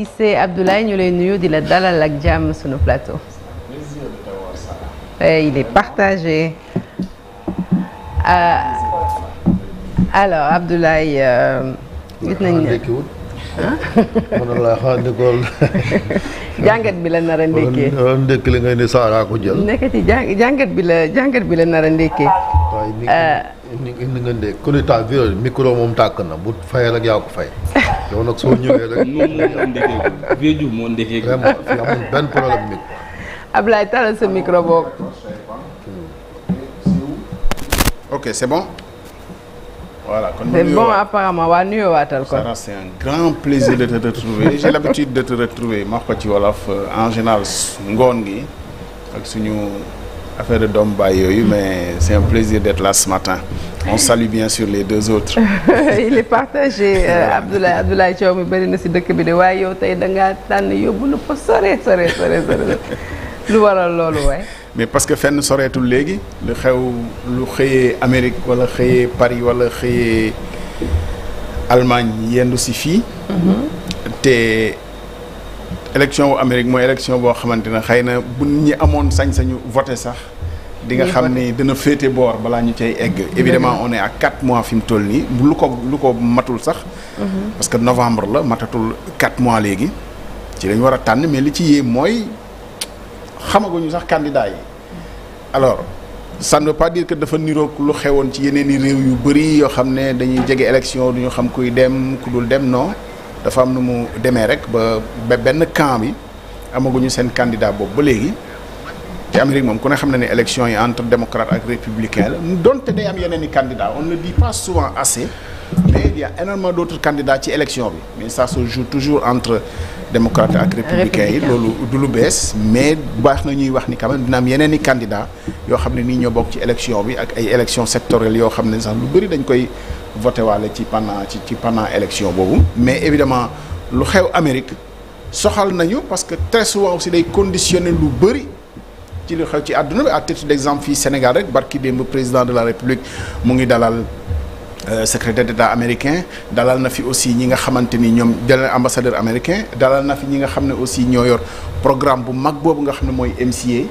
Cissé Abdoulaye ñu lay nuyu di la dalal ak jàmm sunu plateau. Et eh, il partagé. Euh, alors Abdoulaye. Euh, gis nañ ne jàngat bi la nar a ndékkee wala ndékki li ngay ne Saara ko jël. nekkati jàngat bi la jàngat bi la nar a ndékkee. nga euh, ni ku ne taa micro moom tàkk na bu fayal ak yaa ko fay. yow nag soo ñëwee rek. moom moo ndekeegul vieux Diouf moo ndekeegul. vraiment fi amul benn problème nit. Ablaye talal sa micro boog. ok c'est bon. voilà kon c'est bon apparemment waa nuyuwaatal kon. Sarah c'est un grand plaisir de te retrouver j'ai l'habitude de te retrouver ma ko ci wolof euh, en général ngoon gi ak suñu. affaire de doomu baay yooyu mais c'est un plaisir d'être là on salue bien sûr les deux autres. il est partagé euh, Abdoulaye Abdoulaye Thiaw mi na si dëkk bi de waaye yow tey da ngaa tànn yóbbu lu fa sore sore sore lu waral loolu waaye. mais parce que fenn soreetul léegi lu xew lu xëyee Amérique wala xëyee Paris wala xëyee Allemagne yendu si fii. Mhm. te. élection wu Amérique mooy élection boo xamante ne xëy na bu ñi amoon sañ-sañu voté sax. dinga xam ni dana féete boor balaa ñu cay egg. évidemment on est à quatre mois fi mu toll nii lu ko lu ko matul sax. Mhm. parce que novembre la matatul quatre mois léegi. ci lañ war a tànn mais li ci yéem mooy xamaguñu sax candidat yi. alors ça part veut pas que dafa niroog lu xewoon ci yeneen i réew yu bëri yoo xam ne dañuy jege élection du ñu xam kuy dem ku dul dem noo dafa am nu mu demee rek ba ba benn camp bi amaguñu seen candidat boobu ba léegi te Amérique moom ku ne xam ne élection yi entre démocrate ak républicain la donte day am yeneen i candidat on ne le dit pas souvent assez mais il y a énormément d' ci élection bi mais ça se joue toujours entre démocrate ak républicain yi loolu du lu bees mais baax na ñuy wax ni quand même am yeneen i candidats yoo xam ne nii ñoo bokk ci élection bi ak ay élection sectorielles yoo xam ne sax lu bëri dañ koy voté waale ci pendant ci ci pendant élection boobu mais évidemment lu xew Amérique soxal nañu parce que très souvent aussi day conditionné lu bëri ci lu xew ci àdduna bi à titre d' exemple fii Sénégal rek barki démb président de la République mu ngi dalal Euh, secrétaire d'État américain dalal na fi aussi ñi nga xamante ni ñoom dalal ambassadeur américain dalal na fi ñi nga xam ne aussi ñoo yor programme bu mag boobu nga xam ne mooy MCA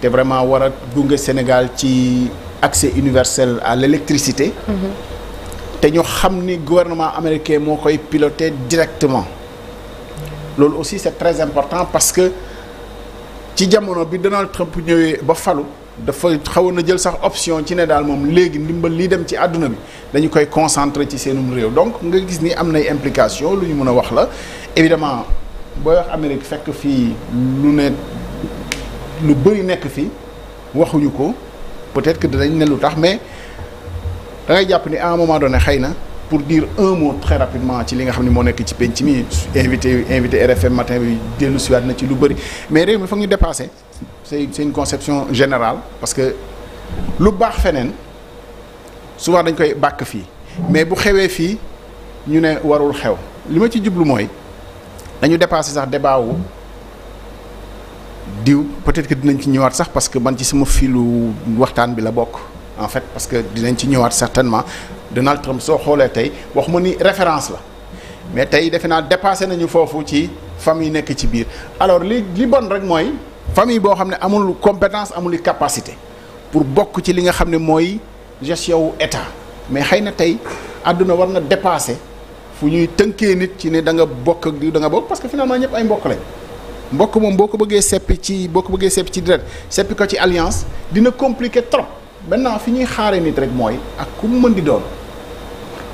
te vraiment war a gunge Sénégal ci accès universel à l'électricité mm-hmm. te ñu xam ni gouvernement américain moo koy piloté directement loolu aussi c'est très important parce que ci jamono bi Donald Trump ñëwee ba falu dafa xawoon na jël sax option ci ne daal moom léegi ndimbal li dem ci àdduna bi dañu koy concentrer ci seenum réew donc nga gis ni am nay implication lu ñu mën a wax la évidemment booy wax Amérique fekk fii lu ne lu bëri nekk fii waxuñu ko peut-être que danañ ne lu tax mais da ngay jàpp ni à un moment donné xëy na pour dire un mot très rapidement ci li nga xam ne moo nekk ci penc mi invité invité RFM matin bi dellu siwaat na ci lu bëri mais réew mi foog ñu dépassé c'est c'est une conception général parce que lu baax feneen souvent dañ koy bàkk fii mais bu xewee fii ñu ne warul xew li ma ci jublu mooy dañu dépassé sax débat wu diw peut-être que ci ñëwaat sax parce que man ci sama filu waxtaan bi la bokk en fait parce que dinañ ci ñëwaat certainement Donald Trump soo xoolee tey wax ma ni référence la mais tey defe naa dépassé nañu foofu ci famille nekk ci biir alors li li bon rek mooy. famille boo xam ne amul compétence amul capacité pour bokk ci li nga xam ne mooy gestion wu état mais xëy na tey àdduna war na dépasser fu ñuy tënkee nit ci ne da nga bokk ak diw da nga bokk parce que finalement ñëpp ay mbokk lañ mbokk moom boo ko bëggee seppi ci boo ko bëggee seppi ci direct seppi ko ci alliance dina compliqué trop maintenant fi ñuy xaaree nit rek mooy ak ku mu mën di doon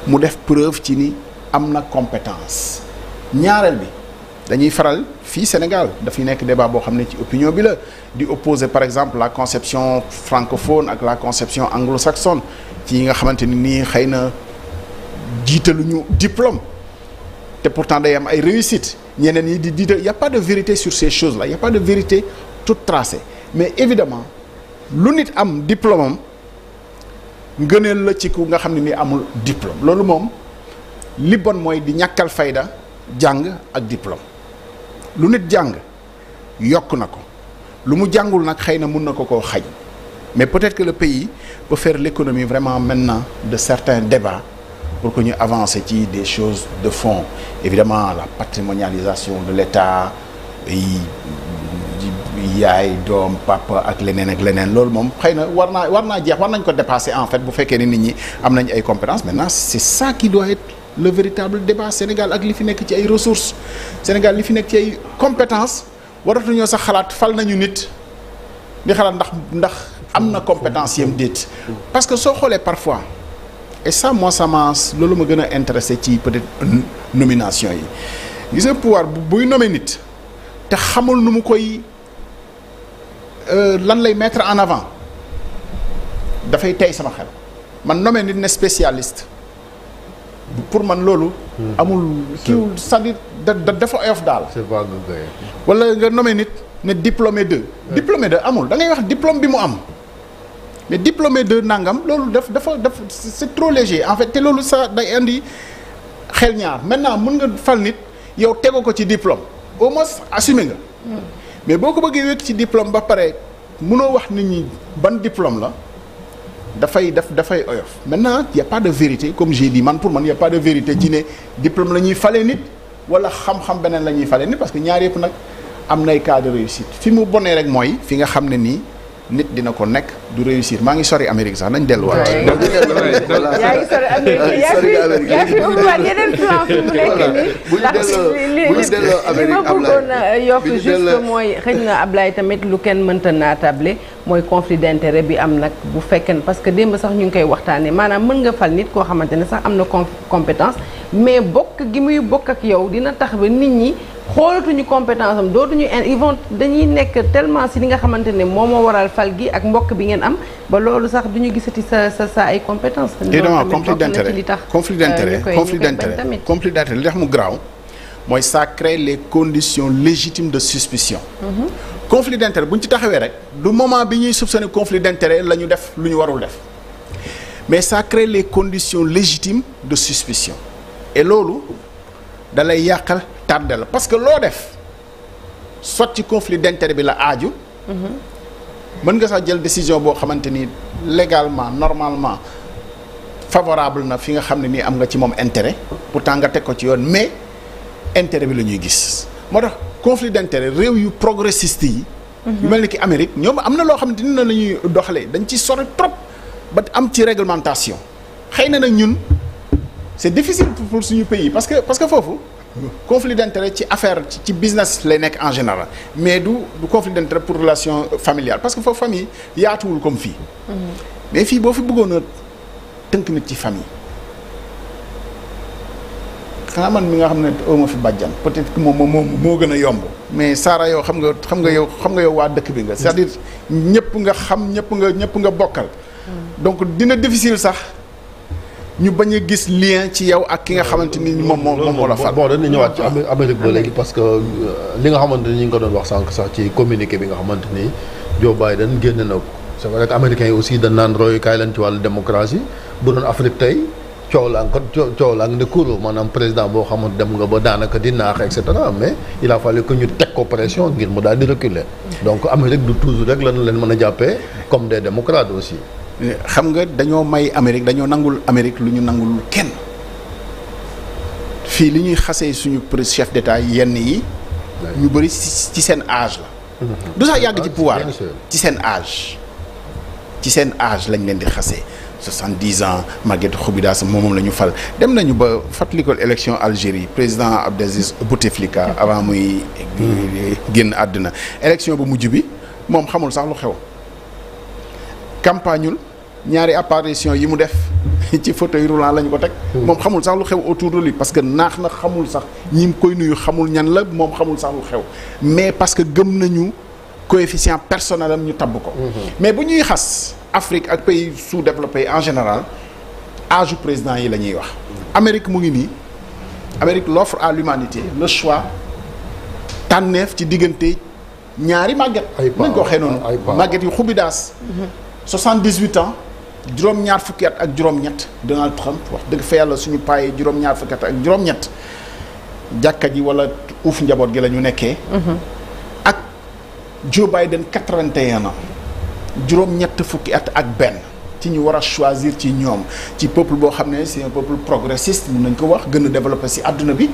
mu def preuve ci ni am na compétence ñaareel bi. dañuy faral fii Sénégal dafay nekk débat boo xam ne ci opinion bi la di opposer par exemple la conception francophone ak la conception anglo-saxonne ci yi nga xamante ni nii xëy na ñu diplôme te pourtant day am ay réussite ñeneen ñi di diital y a pas de vérité sur ces choses la y a pas de vérité toute tracé mais évidemment lu nit am diplôme am ngëneel la ci ku nga xam ne ni amul diplôme loolu moom li mooy di ñàkkal fayda jàng ak diplôme lu nit jàng yokk na ko lu mu jàngul nag xëy na mun na ko koo xaj mais peut-être que le pays peut faire l'économie vraiment maintenant de certains débats pour que ñu avancer ci des choses de fond évidemment la patrimonialisation de l'État yi yaay doom papa ak leneen ak leneen loolu moom xëy na war naa war naa jeex war nañ ko dépasser en fait bu fekkee ni nit ñi am nañ ay compétences maintenant c'est ça qui doit le véritable débat Sénégal ak li fi nekk ci ay ressources Sénégal li fi nekk ci ay compétences waratuñoo sax xalaat fal nañu nit di xalaat ndax ndax am na compétence yem déet parce que soo xoolee parfois et ça moi ça loolu ma gën a intéressé ci peut-être nomination yi gis nga pouvoir buy nommer nit te xamul nu mu koy euh, lan lay mettre en avant dafay tey sama xel man nommer nit ne spécialiste pour man loolu. Hmm. amul kiiwul c'est-à-dire da dafa oyof daal. wala nga nommé nit ne diplômé de. diplômé de amul da ngay wax diplôme bi mu am. mais diplômé de nangam loolu daf dafa daf c'est trop léger en fait te loolu sa day indi xel ñaar maintenant mën nga fal nit yow tegu ko ci diplom au moins assumé nga. Hmm. mais boo ko bëggee wékk ci diplom ba pare munoo wax nit ñi ban diplôme la. dafay def dafay oyof maintenant y a pas vérité comme j'ai dit man pour man y a pas vérité ci ne diplôme la ñuy fale nit wala xam-xam beneen la ñuy fale nit parce que ñaar yëpp nag am nay cas réussite fi mu bonee rek mooy fi nga xam ne nii nit dina ko nekk du réussir maa ngi sori Amérique sax nañ delluwaat. yaa ngi sori Amérique yaa ngi sori yaa ngi ubbiwaat yeneen plan fi mu nekk nii. ndax li ma bëggoon a yokk juste mooy xëy na Ablaye tamit lu kenn mënta naatable mooy conflit d'intérêt bi am nag bu fekkee parce que démb sax ñu ngi koy waxtaanee maanaam mën nga fal nit koo xamante ne sax am na compétence mais bokk gi muy bokk ak yow dina tax ba nit ñi. xoolatuñu compétence am dootuñu ils vont dañuy nekk tellement si li nga xamante ne moom moo waral fal gi ak mbokk bi ngeen ngeen am ba loolu sax du ñu gisati sa sa ay compétence évidemment eh, euh, conflit d'intérêt li tax conflit d'intérêt conflit d'intérêt conflit d'intérêt mu garaaw mooy ça crée les conditions légitimes de suspicion mm-hmm. conflit d'intérêt bu ñu ci taxawee rek du moment bi ñuy soupçonner conflit d'intérêt la ñu def lu ñu warul def mais ça crée les conditions légitimes de suspicion et loolu da lay yàqal tardé la parce que loo def soit ci conflit d'intérêt bi la aaju mm-hmm. mën nga sax jël décision boo xamante ni légalement normalement favorable na fi nga xam ne nii am nga ci moom intérêt pourtant nga teg ko ci yoon mais intérêt bi la ñuy gis moo tax conflit d'intérêt réew yu progressiste yi. Mhm. mel ni ki Amérique ñoom am na loo xamante ni na la ñuy doxalee dañ ci sori trop ba am ci réglementation xëy na nag ñun c'est difficile pour suñu pays parce que parce que foofu. conflit d'intérêt ci affaire ci business lay nekk en général mais du du conflit d'intérêt pour relation euh, familiale parce que foofu famille yaatuwul comme fii. Mm-hmm. mais fii boo fi bëggoon a tënk nit ci famille. xanaa man mi nga xam ne oo ma fi bàjjan peut-être que moom moo gën a yomb mais Saara yow xam nga xam nga yow xam nga yow waa dëkk bi nga mm-hmm. c'est-à-dire ñëpp nga xam ñëpp nga ñëpp nga bokkal mm. donc dina difficile sax ñu bañ a gis lien ci yow ak ki nga xamante ni moom moom la fal. bon dañuy ñëwaat ci ah. Amérique ba léegi parce que euh, li nga xamante ni ñu ngi ko doon wax sànq sax ci communiqué bi nga xamante ni Joe Biden génne na ko c'est vrai yi aussi dañ naan royukaay leen ci wàllu démocratie bu doon Afrique tey. coow la encore coow coow la ne kuréel maanaam président boo xamante dem nga ba daanaka di naax et cetera mais il a fallu ñu teg ko pression ngir mu daal di reculer donc Amérique du toujours rek lañu leen mën a jàppee comme des démocrates aussi. xam nga dañoo may Amérique dañoo nangul amerique lu ñu nangul kenn fii li ñuy xasee suñu chef d'état yenn yi ñu bëri ci seen âge la mhm. du sax yàgg ci pouvoir ci seen age ci seen age lañ leen di xasee soixante-dix ans Maguette Khoubida sa moom la ñu fal dem nañu ba fàttalikol élection Algérie président Abdelaziz Bouteflika avant muy génn àdduna élection bu mujj bi moom xamul sax lu xew campagneul ñaari apparition yi mu def ci fauteuil roulant lañ ko teg. Hmm. moom xamul sax lu xew autour de lui parce que naax na xamul sax ñi mu koy nuyu xamul ñan la moom xamul sax lu xew mais parce que gëm nañu coefficient personnel ñu tabb ko. Hmm. mais bu ñuy xas Afrique ak pays sous-développés en général âge président yi la ñuy wax. Amérique mu ngi nii Amérique l'offre à l'humanité le choix tànneef ci diggante ñaari màgget. nañ ko waxee noonu màgget yu xubidaas. 78 mm-hmm. ans. juróom-ñaar fukki at ak juróom-ñett Donald Trump wax dëgg fa yàlla suñu paayee juróom-ñaar fukki at ak juróom-ñett jàkka ji wala uuf njaboot gi la ñu nekkee. Mhm. ak Joe Biden 81 ans juróom-ñett fukki at ak benn ci ñu war a choisir ci ñoom ci peuple boo xam ne c'est un peuple progressiste mun nañ ko wax gën a développé si àdduna bi.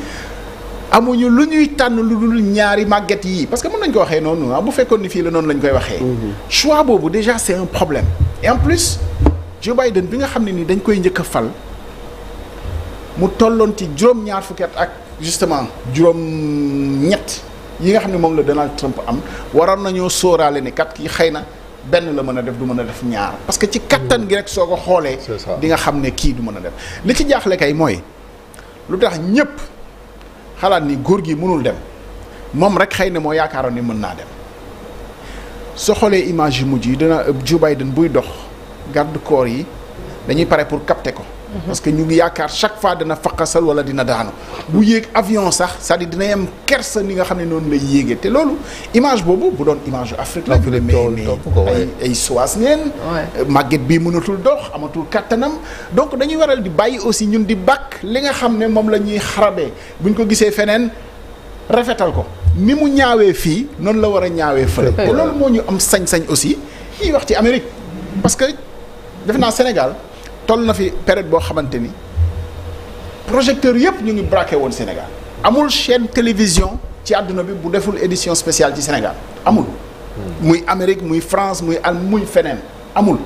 amuñu lu ñuy tànn lu dul ñaari màgget yi parce que mën nañ ko waxee noonu ah bu fekkoon ni fii la noonu lañ koy waxee. Mhm. choix boobu déjà c'est problème et en Joe Biden bi nga xam ne nii dañ koy njëkk fal mu tolloon ci juróom-ñaar fukki ak justement juróom-ñett yi nga xam ne moom la Donald Trump am waroon nañoo sooraale ni kat kii xëy na benn la mën a def du mën a def ñaar parce que ci kattan gi rek soo ko xoolee di nga xam ne kii du mën a def li ci jaaxle kay mooy lu tax ñëpp xalaat ni góor gi mënul dem moom rek xëy na moo yaakaaroon ni mën naa dem soo xoolee image yu mujj yi dana Joe Biden buy dox garde corps yi dañuy pare pour capter ko. Mhm. parce que ñu ngi yaakaar chaque fois dina faqasal wala dina daanu. bu yéeg avion sax c'est-à-dire dina yem kersa ni nga xam ne noonu lay yéegee te loolu image boobu bu doon image Afrique la. mais ay ay soas ngeen. Euh, màgget bii mënatul dox amatul kattanam. donc dañuy waral di bàyyi aussi ñun di bàkk li nga xam ne moom la ñuy bu buñ ko gisee feneen rafetal ko ni mu ñaawee fii noonu la war a ñaawee fële. te loolu moo ñu am sañ-sañ aussi wax ci Amérique def naa Sénégal toll na fi période boo xamante ni projecteurs yëpp ñu ngi braqué woon Sénégal amul chaîne télévision ci àdduna bi bu deful édition spéciale ci Sénégal amul. Hmm. muy Amérique muy France muy al muy feneen amul.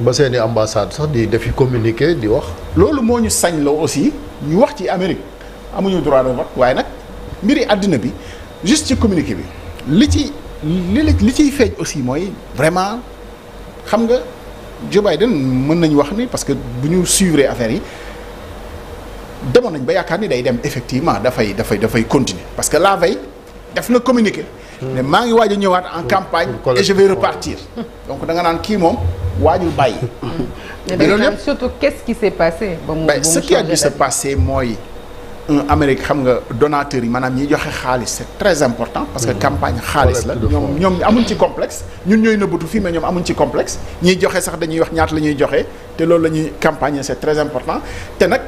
ba seeni ambassade sax di defi communiqué di wax. loolu moo ñu sañ la aussi ñu wax ci Amérique amuñu droit de vote waaye nag mbiri àddina bi juste ci communiqué bi li ci li li ciy feeñ aussi mooy vraiment xam nga. Joe Biden mën nañu wax ni parce que bu ñu suivre affaire yi demoon nañ ba yaakaar ni day dem effectivement dafay dafay dafay continuer parce que la veille def na communiqué. ne hmm. maa ngi waaj a ñëwaat en hmm. campagne. et je vais repartir. donc da nga naan kii moom waajul bàyyi. Hmm. mais loolu yëpp surtout qu'est-ce qui s'est ba mu ce qui a dû se mooy. un Amérique xam nga donateur yi maanaam ñiy joxe xaalis c'est très important parce que mm-hmm. campagne xaalis la ñoom ñoom amuñ ci complexe ñun ñooy nëbbatu fii mais ñoom amuñ ci complexe ñiy joxe sax dañuy wax ñaata la ñuy joxe te loolu la ñuy campagne c'est très important te nag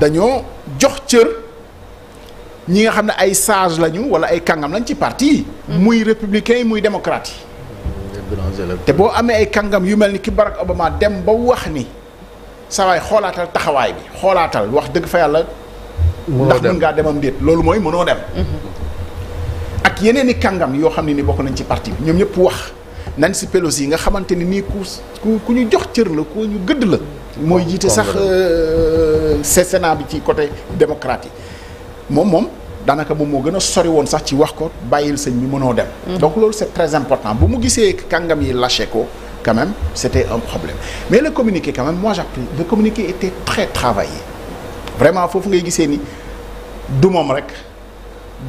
dañoo jox cër ñi nga xam ne ay sage lañu wala ay kàngam lañ ci parti yi mm-hmm. muy républicain yi muy démocrate yi te boo amee ay kàngam yu mel ni ki Barack Obama dem ba wax ni sawaay xoolaata taxawaay xoolaatal wax dëgg fa yàlla ndax mën ngaa demam déet loolu mooy mënoo dem ak yeneen i kàngam yoo xam ne ni bokk nañ ci parti ñoom ñëpp wax nañ si Pelosi yi nga xamante ni nii ku ku ñu jox cër la ku ñu gëdd la mooy jiite sax euh, Sénat bi ci côté démocrate yi moom moom daanaka moom moo gën a sori woon sax ci wax ko bàyyil sëñ bi mënoo dem mm-hmm. donc loolu c'est très important bu mu gisee kàngam yi lâché ko quand même c'était un problème mais le communiqué quand même moi j'ai appris le communiqué était très travaillé vraiment foofu ngay gisee ni du moom rek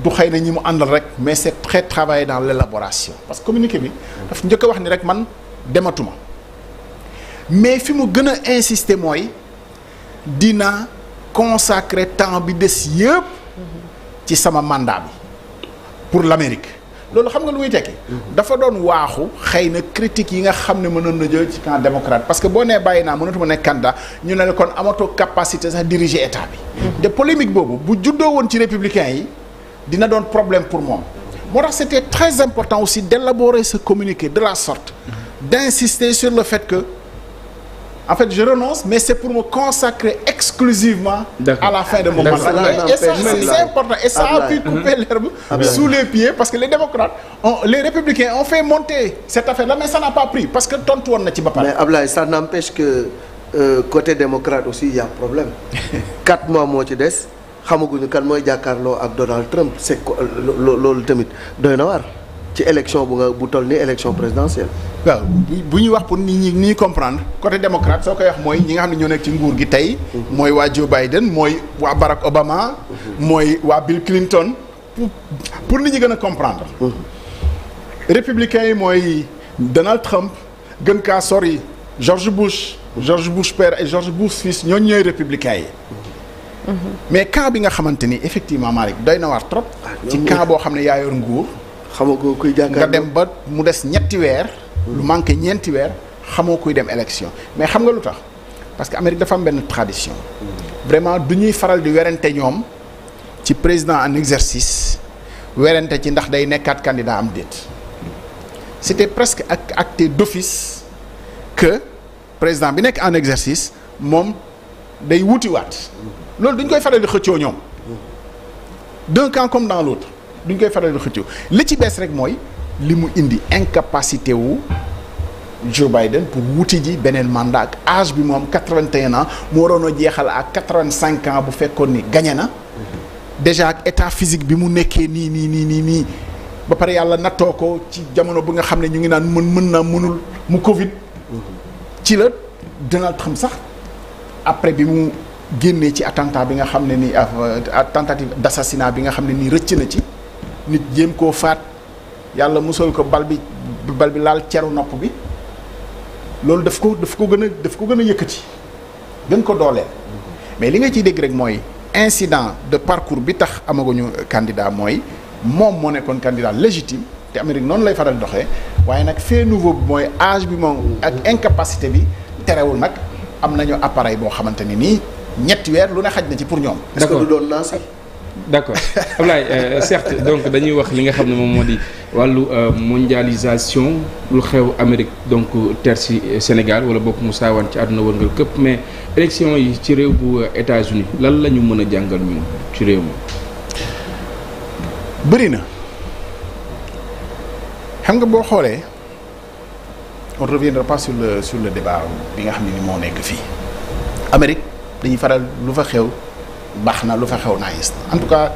du xëy na ñi mu àndal rek mais c'est très travaillé dans l'élaboration parce que communiqué bi daf njëkk a wax ni rek man dematuma mais fi mu gën a insister mooy dina consacrer temps bi des yëpp ci sama mandat bi pour l'Amérique loolu xam nga lu muy tekki. dafa doon waaxu xëy na critiques yi nga xam ne mënoon na jël ci camp démocrate parce que boo nee bàyyi naa mënatuma nekk candidat ñu ne la kon amatoo capacité sax diriger état bi. te polémique boobu bu juddoo woon ci républicain yi dina doon problème pour moom. moo tax c'était très important aussi d'élaborer ce communiqué de la sorte d'insister sur le fait que. en fait je renonce mais c'est pour me consacrer exclusivement à la fin de mon et c'est important et ça a pu couper mhm. l'herbe ah sous les pieds parce que les démocrates ont, les républicains ont fait monter cette affaire-là mais ça n'a pas pris parce que tontu woon na ci ba pare mais Ablaye ça n'empêche que euh, côté démocrate aussi il y a problème quatre mois moo ci des xamaguñu kan mooy jàkkaarloo ak Donald Trump c'est loolu tamit doy na waar ci élection bu nga bu toll ni élection présidentielle. waaw bu ñu wax pour nit ñi ñuy comprendre côté démocrate soo koy wax mooy ñi nga xam ne ñoo nekk ci nguur gi tey. mooy waa Joe Biden mooy waa Barack Obama. mooy waa Bill Clinton. pour nit ñi gën a comprendre. républicain yi mooy Donald Trump gën kaa sori George Bush. George Bush père et George Bush fils ñooñu ñooy républicain yi. Mhm. mais cas bi nga xamante ni effectivement Malick doy na waar trop. ci ah, cas boo xam ne yaa yor nguur. xamoo ko kuy jàkkaarloo nga dem ba mu des ñetti weer. Hmm. lu manqué ñeenti weer xamoo kuy dem élection mais xam nga lu tax parce que Amérique dafa am benn tradition. Hmm. vraiment du ñuy faral di werante ñoom ci président en exercice werante ci ndax day nekkaat candidat am déet. c'était presque ak acté d'office que président bi nekk en exercice moom day wutiwaat hmm. loolu duñ koy faral di xëccoo ñoom d'un camp comme dans l'autre duñ koy faral di li ci bees rek mooy li mu indi incapacité wu Joe Biden pour wuti ji beneen mandat ak âge bi moom am 81 ans mu waroon a jeexal ak 85 ans bu fekkoon ni gañe na déjà ak état physique bi mu nekkee nii nii nii nii nii ba pare yàlla nattoo ko ci jamono bu nga xam ne ñu ngi naan mën mën naa mënul mu Covid. ci la Donald Trump sax après bi mu génnee ci attentat bi nga xam ne ni euh, tentative d'assassinat bi nga xam ne nii rëcc na ci. nit jéem koo faat yàlla musal ko bal bi bal bi laal ceru nopp bi loolu daf ko daf ko gën a daf ko gën a yëkkati gën ko dooleel mais li nga ciy dégg rek mooy incident de parcours bi tax amaguñu candidat mooy moom moo nekkoon candidat légitime te Amérique noonu lay faral doxee waaye nag fait nouveau bi mooy âge bi moom ak incapacité bi terewul nag am nañu appareil boo xamante ni nii ñetti weer lu ne xaj na ci pour ñoom. est-ce du doon lancé d'accord Ablaye euh, certes donc dañuy wax li nga xam ne moom moo di wàllu euh, mondialisation lu xew amerique donc ter ci euh, Sénégal wala bokk mu saawan ci àdduna wërngal këpp mais élection yi ci réew bu États-Unis lan la ñu mën a jàngal ñun ci réew mi. bëri na xam nga boo xoolee on reviendra pas sur le sur le débat bi nga xam ne ni moo nekk fii Amérique dañuy faral lu fa xew. baax na lu fa xew naa gis en tout cas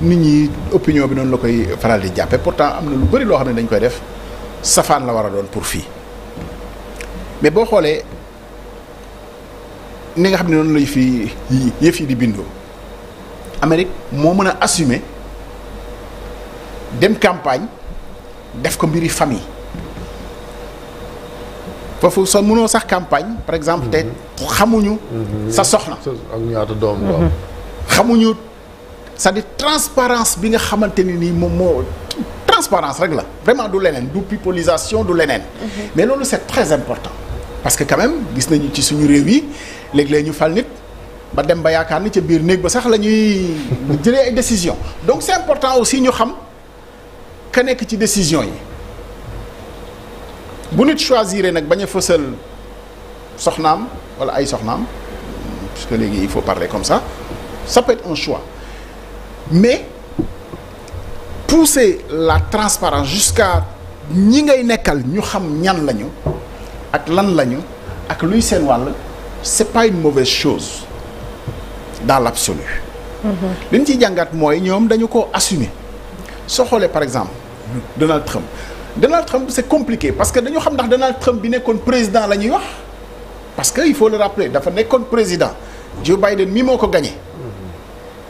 nit ñi opinion bi noonu la koy faral di jàppe pourtant am na lu bëri loo xam ne dañ koy def safaan la war a doon pour fii mais boo xoolee ni nga xam ne noonu lay fi yëf yi di bindoo Amérique moo mën a assumer dem campagne def ko mbiri famille foofu so mënoo sax campagne par exemple te xamuñu mhm. sa soxna ak ñaata doom mhm. xamuñu c'est-à-dire transparence bi nga xamante ni nii moom moo transparence rek la vraiment du leneen du pipolisation du leneen mhm. mais loolu c'est très important parce que quand gis nañu ci suñu réew yi léegi léeg ñu fal nit ba dem ba yaakaar ni ca biir néeg ba sax la ñuy jëlee ay décision donc c'est important aussi ñu xam ka nekk ci décision yi bu nit choisir nag bañ a fësal soxnaam wala ay soxnaam parce que léegi il faut parler comme ça ça peut un choix mais pousser la transparence jusqu'à ñi ngay nekkal ñu xam ñan lañu ak lan lañu ak luy seen wàll c'est pas une mauvaise chose daal l'absolu mm-hmm. li ñu ciy jàngat mooy ñoom dañu ko assumer soo xoolee par exemple Donald Trump Donald Trump c'est compliqué parce que dañu xam ndax Donald Trump bi nekkoon président la ñuy wax parce que il faut le rappeler dafa nekkoon président Joe Biden mi moo ko gagné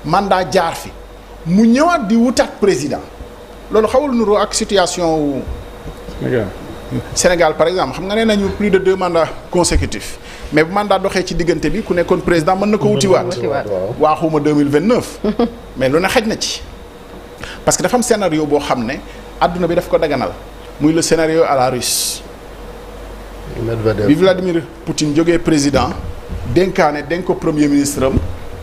mandat jaar fi mu ñëwaat di wutaat président loolu xawul nuru ak situation wu. Sénégal par exemple xam nga nee nañu plus de deux mandats consécutifs mais bu mandat doxee ci diggante bi ku nekkoon président mën na ko wutiwaat waaxuma 2029 mais lu ne xaj na ci parce que dafa am scénario boo xam ne àdduna bi daf ko daganal muy le scénario à la russe. bi Vladimir Poutine jóge président denkaane dénk ko premier ministre am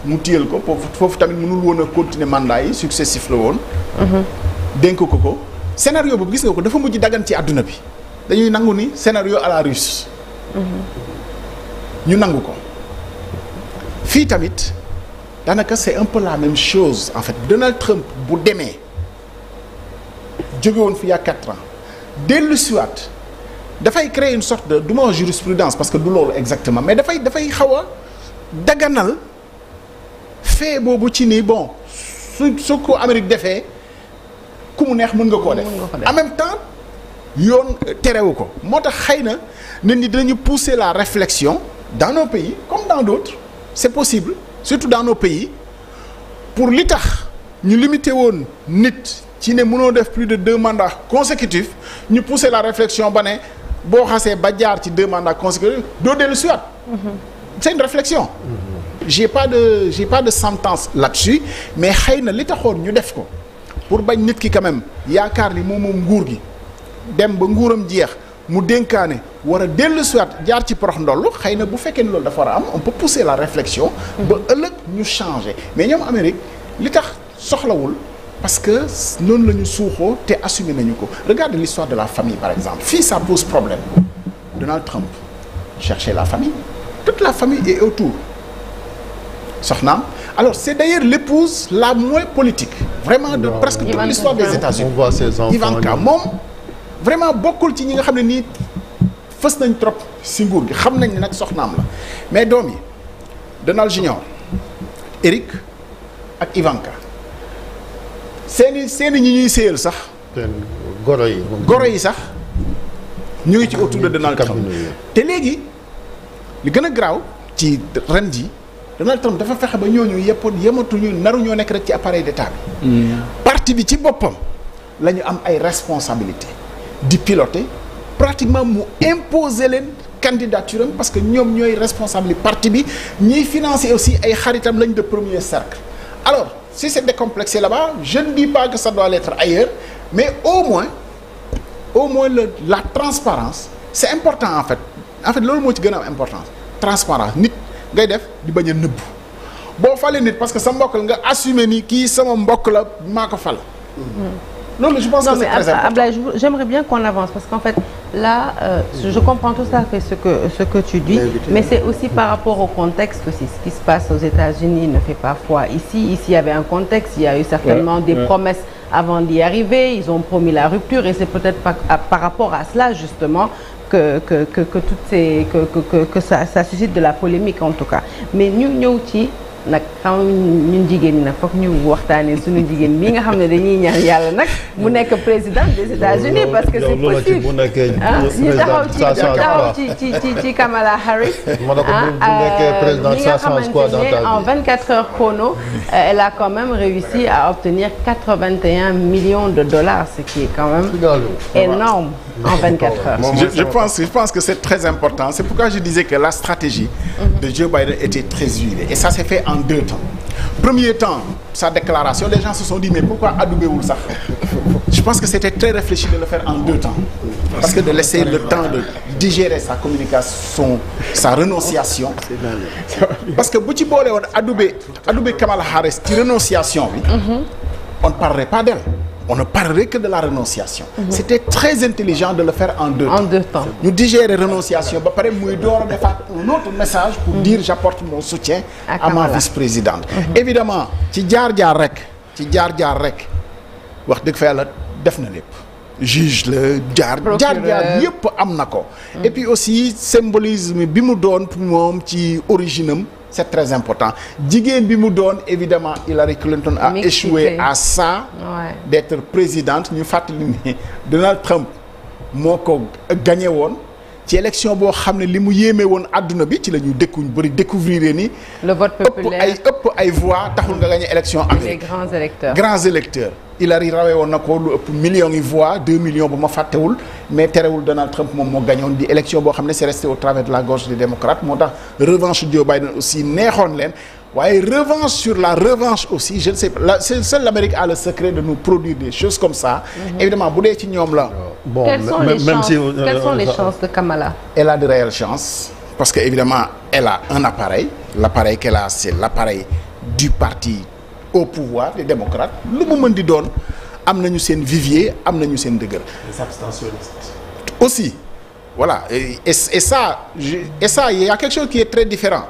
mu téyal ko foofu tamit mënul woon a continuer mandat yi successif la woon. Mhm. dénk ko ko scénario boobu gis nga ko dafa mujj dagan ci àdduna bi dañuy nangu ni scénario à la russe. Mhm. ñu nangu ko fii tamit daanaka c'est un peu même chose en fait Donald Trump bu demee jóge woon fi y a quatre ans. dellu siwaat dafay créer une sorte de du ma wax jurisprudence parce que du loolu exactement mais dafay dafay xaw a daganal boobu ci ni bon su su ko Amérique defee ku mu neex mën nga koo def en même temps yoon euh, terewu ko moo tax xëy na nit ñi dinañu pousser la reflexion dans nos pays comme dans d'autres c'est possible surtout dans nos pays pour li tax ñu limité woon nit ci ne mënoo def plus de deux mandats consécutifs ñu pousser la réflexion ba ne boo xasee ba jaar ci deux mandats consécutifs doo dellu si waat c'est une réflexion j'ai pas de j'ai de sentence là-dessus mais xëy na li taxoon ñu def ko pour bañ nit ki quand yaakaar ni moom moom nguur gi dem ba nguuram jeex mu dénkaane war a dellu soit jaar ci porox ndollu xëy na bu fekkee ni loolu dafa war a am on peut pousser la réflexion ba ëllëg ñu changer mais ñoom Amérique li tax soxlawul parce que noonu la ñu suuxoo te assumer nañu ko regardez l'histoire de la famille par exemple fii sa pose problème Donald Trump cherchez la famille toute la famille est autour soxnaam alors c'est d'ailleurs l'épouse la moins politique vraiment de presque toute l'histoire des États-Unis Ivanka moom vraiment bokkul ci ñi nga xam ne nii fës nañ trop si nguur gi xam nañ ne nag soxnaam la mais doom yi Donald Junior Eric ak Ivanka seeni seeni ñi ñuy séyal sax. goro yi goro yi sax ñu ngi ci autour de Donald Trump te léegi li gën a garaaw ci ren ji Donald Trump dafa fexe ba ñooñu yeppoon yematuñu naru ñoo nekk rek ci appareil d'état bi. Mm. parti bi ci boppam la ñu am ay responsabilité di piloter pratiquement mu imposer leen. candidature am parce que ñoom ñooy responsable parti bi ñuy financer aussi ay xaritam lañ de premier cercle alors si c'est décomplexé là la je jeune dis pas que ça doit l'être ailleurs mais au moins au moins le la transparence c'est important en fait en fait loolu moo ci gën a important importance transparence nit ngay def di bañ a nëbb boo falee nit parce que sa mbokk la nga assumer ni kii sama mbokk la maa ko fal mm-hmm. loolu je pense non, que c'est très important Ablaye j'aimerais bien qu'on avance parce qu'en fait là euh, je comprends tout à fait ce que ce que tu dis mais c'est aussi par rapport au contexte aussi ce qui se passe aux États-Unis ne fait pas foi ici ici il y avait un contexte il y a eu certainement ouais, des ouais. promesses avant d'y arriver ils ont promis la rupture et c'est peut-être par, par rapport à cela justement que que que que toutes ces que que que, que ça, ça suscite de la polémique en tout cas mais ñu ñëw ci nag xam ñu jigéen ñi nag foog ñu waxtaanee suñu jigéen bii nga xam ne dañuy ñaan yàlla nag mu nekk président des États-Unis parce que c'est possible ah, ñu taxaw ci taxaw ci ci ci ci Kamala Harris ah mi euh, nga xamante ne en 24 heures chrono euh, elle a quand même réussi à obtenir millions de dollars ce qui est quand énorme en 24 heures. Je, je, pense, que c'est très important. C'est pourquoi je disais que la stratégie mhm. de Joe Biden était très huilée. Et ça s'est fait en deux temps. Premier temps, sa déclaration, les gens se sont dit, mais pourquoi Adoubéoul ça Je pense que c'était très réfléchi de le faire en deux temps. Parce que de laisser le temps de digérer sa communication, sa renonciation. Parce que si Adoubé Kamal Harris, renonce, rénonciation, mhm. on ne parlerait pas d'elle. on ne parlerait que de la renonciation. Mmh. c'était très intelligent de le faire en deux en temps. deux temps ñu digérer renonciation ba pare muy door a defaat un autre message. pour mmh. dire j'apporte mon soutien. à, à ma vice-présidente. Mmh. évidemment ci jaar-jaar rek ci jaar-jaar rek wax dëgg fa yàlla def na lépp. juge la jaar jaar jaar yëpp am na ko mm. et puis aussi symbolisme bi mu doon pour moom ci originam am c'est très important jigéen bi mu doon évidemment Hillary Clinton a Mixité. échoué à ça ouais. d'être présidente ñu fàttali ni Donald Trump moo ko gagné woon ci élection boo xam ne li mu yéeme woon àdduna bi ci la ñu dékku bëri découvrir ni. le vote populaire ëpp ay ëpp ay voix taxul nga gagné élection américaine. les grands électeurs grands woon na ko lu ëpp millions yi voix deux millions bu ma fàttewul mais terewul Donald Trump moom moo gañoon di élection boo xam ne c'est resté au travers de la gorge des démocrates moo tax revanche Joe Biden aussi neexoon leen. waaye revanche sur la revanche aussi je ne sais pas c'est seul l'Amérique a le secret de nous produire des choses comme ça. Mm -hmm. évidemment bu dee ci ñoom la. Euh, bon quelles sont les chances euh, quelles sont les euh, chances de Kamala. elle a de réelles chances parce que elle a un appareil l'appareil qu'elle a c'est l'appareil du parti au pouvoir des démocrates lu mu mën di doon am nañu seen vivier am nañu seen dëgër. les aussi voilà et, et, et ça je, et ça il y a quelque chose qui est très différent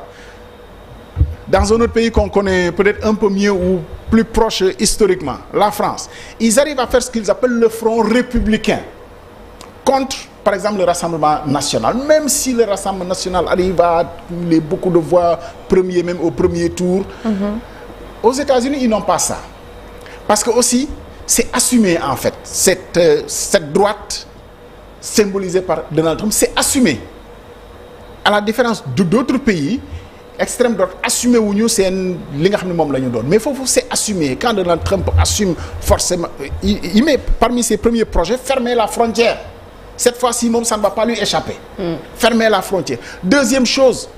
dans un autre pays qu'on connaît peut-être un peu mieux ou plus proche historiquement, la France, ils arrivent à faire ce qu'ils appellent le front républicain contre, par exemple, le Rassemblement national. Même si le Rassemblement national arrive à les beaucoup de voix, premier même au premier tour, mm -hmm. aux États-Unis, ils n'ont pas ça. Parce que aussi, c'est assumé en fait. Cette, euh, cette droite symbolisée par Donald Trump, c'est assumé. À la différence d'autres pays extrême droite assumé wu ñu seen li nga xam ne moom la ñu doon mais foofu c'est assumé quand Donald Trump assume forcément il met parmi ses premiers projets fermer la frontière cette fois-ci moom ça ne va pas lui échapper mm. fermer la frontière deuxième chose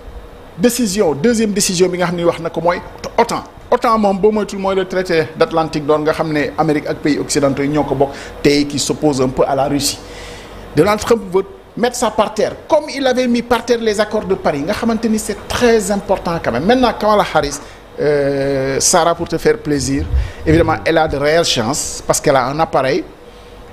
décision deuxième décision bi nga xam ne wax na ko mooy OTAN OTAN moom boo moytul mooy le traité d'Atlantique doon nga xam ne Amérique ak pays occidentaux yi ñoo ko bokk tey qui s'oppose un peu à la Russie mettre ça par terre comme il avait mis par terre les accords de Paris nga xamante ni c'est très important quand même maintenant Kamala Harris euh, Sarah pour te faire plaisir évidemment elle a de réelles chances parce qu'elle a un appareil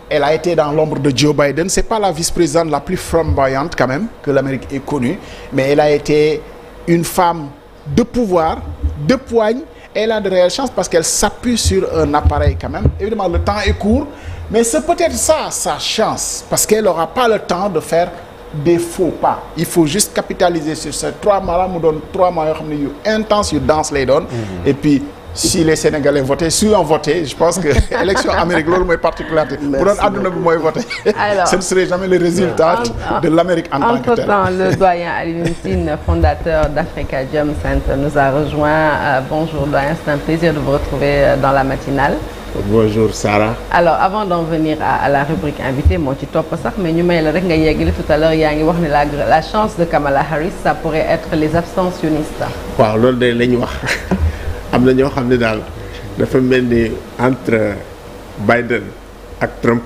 elle a été dans l'ombre de Joe Biden c'est pas la vice-présidente la plus flamboyante quand même que l'Amérique ait connue mais elle a été une femme de pouvoir de poigne elle a de réelles chances parce qu'elle s'appuie sur un appareil quand même évidemment le temps est court Mais c'est peut-être ça sa chance, parce qu'elle n'aura pas le temps de faire des faux pas. Il faut juste capitaliser sur ces trois mois là mu doon trois mois yoo xam ne yu intense yu danse lay doon. Mhm. et puis si les Sénégalais votaient si on votait je pense que élection Amérique loolu mooy particularité. bu doon àdduna bi mooy voté. alors ce ne serait jamais le résultat. En, en, de l'Amérique en, en tant que telle. entre-temps le doyen Alioune Tine fondateur d'Africa Jom Center nous a rejoint euh, bonjour doyen c'est un plaisir de vous retrouver euh, dans la matinale. bonjour Sarah. alors avant d'en venir à, à la rubrique invité moo ci topp sax mais ñu may la rek nga yeggali tout à l'heure yaa ngi wax ne la la chance de Kamala Harris ça pourrait être les abstentionnistes. waaw loolu de lañ wax am na ñoo xam ne daal dafa mel ni entre Biden ak Trump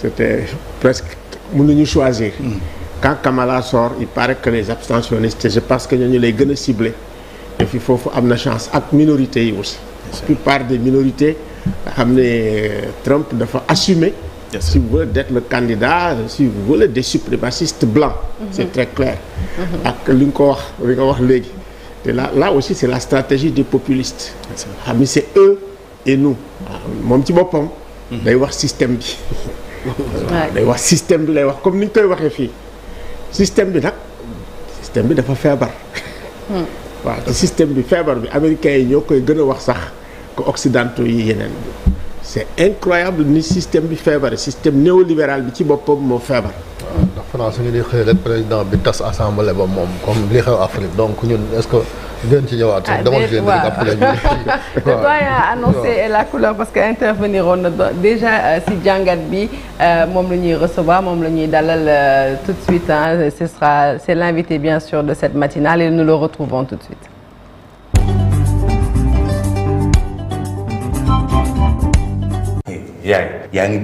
c'était presque mun mënuñu choisir. Hmm. quand Kamala sort il paraît que les abstentionnistes je pense que ñu lay gën a ciblé. foofu am na chance ak minorité yi aussi. la plupart des minorités. nga xam ne Trump dafa assumer si vous voulez d'être le candidat si vous voulez des suprémacistes blancs mm c'est très clair mhm. ak li nga ko wax li nga wax léegi te la là aussi c'est la stratégie des populistes xam ni c'est eux et nous moom ci boppam mhm. day wax système bi day wax système bi lay wax comme ni ñu koy waxee fii système bi nag système bi dafa feebar hmm. waaw te système bi feebar bi américains yoo koy gën a wax sax que occidentaux yi yeneen bi c'est incroyable ni système bi feebar système néolibéral bi ci boppo mo feebar. waaw ndax France ñu di xëy rek président bi tas assemblée ba moom comme li xew Afrique donc ñun est-ce que. dinañ ci ñëwaat sax ah, le doyen a annoncé la couleur parce que intervenir woon na déjà euh, si jàngat bi euh, moom la ñuy recevoir moom la ñuy dalal euh, tout de suite hein ce sera c'est l'invité bien sûr de cette matinale et nous le retrouvons tout de suite. yaay yaa ngi